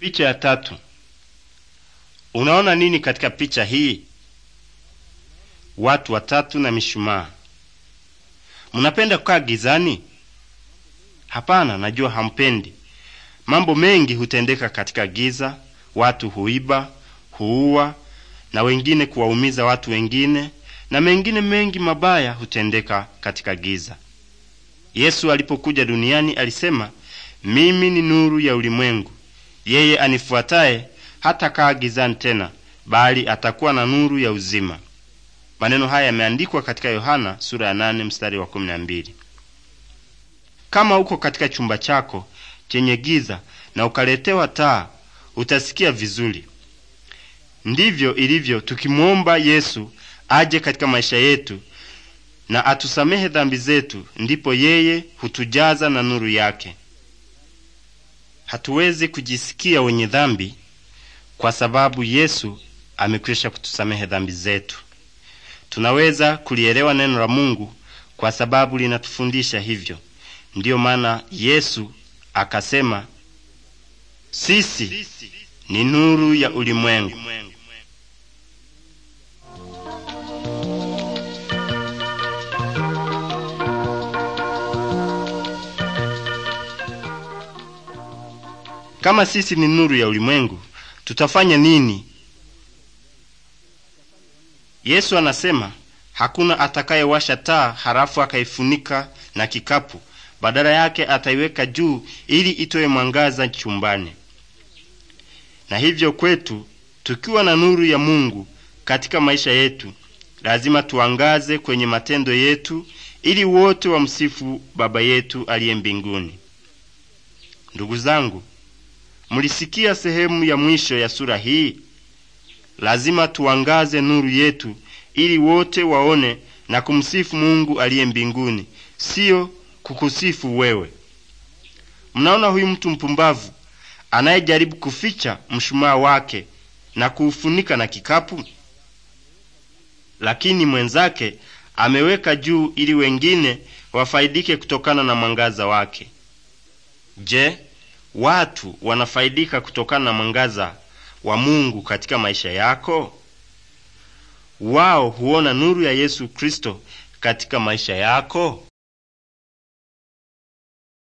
Picha ya tatu. Unaona nini katika picha hii? Watu watatu na mishumaa. Mnapenda kukaa gizani? Hapana, najua hampendi. Mambo mengi hutendeka katika giza. Watu huiba, huua na wengine kuwaumiza watu wengine, na mengine mengi mabaya hutendeka katika giza. Yesu alipokuja duniani alisema, mimi ni nuru ya ulimwengu. Yeye anifuataye hata kaa gizani tena, bali atakuwa na nuru ya uzima. Maneno haya yameandikwa katika Yohana sura ya nane mstari wa kumi na mbili. Kama uko katika chumba chako chenye giza na ukaletewa taa, utasikia vizuri. Ndivyo ilivyo tukimwomba Yesu aje katika maisha yetu na atusamehe dhambi zetu, ndipo yeye hutujaza na nuru yake. Hatuwezi kujisikia wenye dhambi kwa sababu Yesu amekwisha kutusamehe dhambi zetu. Tunaweza kulielewa neno la Mungu kwa sababu linatufundisha hivyo. Ndiyo maana Yesu akasema, sisi ni nuru ya ulimwengu. Kama sisi ni nuru ya ulimwengu, tutafanya nini? Yesu anasema hakuna atakayewasha taa halafu akaifunika na kikapu, badala yake ataiweka juu ili itoe mwangaza chumbani. Na hivyo kwetu, tukiwa na nuru ya Mungu katika maisha yetu, lazima tuangaze kwenye matendo yetu ili wote wamsifu Baba yetu aliye mbinguni. Ndugu zangu, Mulisikia sehemu ya mwisho ya sura hii. Lazima tuangaze nuru yetu ili wote waone na kumsifu Mungu aliye mbinguni, siyo kukusifu wewe. Mnaona huyu mtu mpumbavu anayejaribu kuficha mshumaa wake na kuufunika na kikapu, lakini mwenzake ameweka juu ili wengine wafaidike kutokana na mwangaza wake. Je, watu wanafaidika kutokana na mwangaza wa Mungu katika maisha yako? Wao huona nuru ya Yesu Kristo katika maisha yako?